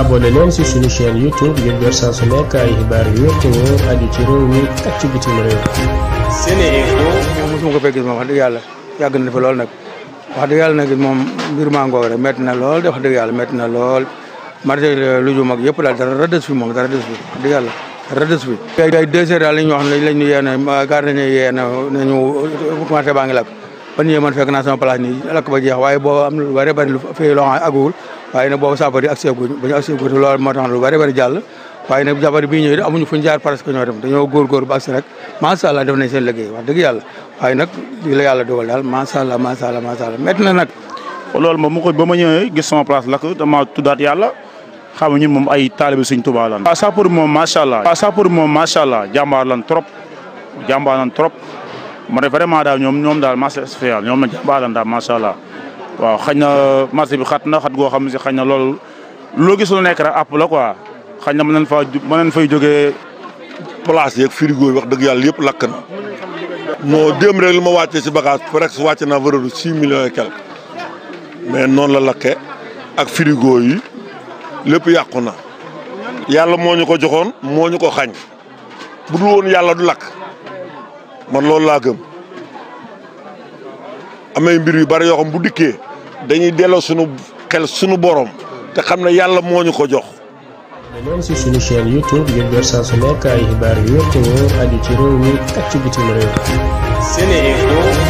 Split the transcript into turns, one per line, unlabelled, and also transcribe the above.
abonné leen ci suñu chaîne YouTube ngir jot saa su nekk ay xibaar yu wér te wóor aju ci réew mi ak ci bitim réew.
Sénéinfo. mosuma ko fee gis moom wax dëgg yàlla yàgg na fa lool nag wax dëgg yàlla nag moom mbir maa ngoog rek métti na lool de wax dëgg yàlla métti na lool marché lu ju mag yëpp daal dara des fi moom dara des fi wax dëgg yàlla dara des fi. ay deux heures daal la ñu wax lañ ñu yee ne gàtt nañu yee ne nañu marché baa ngi lakk ban ñëwee man fekk naa sama place nii lakk ba jeex waaye boobu am na lu bëri bëri lu fii loo xam aguwul waaye nag boobu sabar yi ak seeguñ ba ñu ak seeguñ loolu moo tax lu bëri bëri jàll waaye nag jabar bi ñëw amuñu fuñ jaar parce que ñoo dem dañoo góorgóor ba agsi rek macha allah seen liggéey wax dëgg yàlla waaye nag yàlla dogal daal macha allah macha allah macha allah mu ko ba ma ñëwee gis sama place lakk dama yàlla
xam ñun moom ay taalibe Sëñ Tuubaa a sapeur moom macha allah sapeur moom macha allah jàmbaar lan trop jàmbaar moo tax vraiment daal ñoom ñoom daal marché spécial ñoom na jàmbaaran daal macha allah waaw xañ na marché bi xat na xat goo xam ne si xañ na lool loo
gis lu nekk rek àpp la xañ na mën nañ fa mën nañ fay jógee place yeeg yi wax dëgg yàlla yëpp lakk moo déem rek li ma wàccee si bagage presque wàcce naa valeur bu six noonu la lakkee ak frigo yi lépp yàqu na yàlla mooñu ko joxoon moo ñu ko xañ bu dul woon yàlla du lakk man loolu laa gëm am ay mbir yu bari yoo xam bu dikkee dañuy delloo sunu xel sunu borom te xam na yàlla moo ñu ko jox.
danañ si suñu chaîne YouTube ngir jot saa su nekk ay xibaar yu wér te wóor aju ci réew mi ak ci bitim
réew.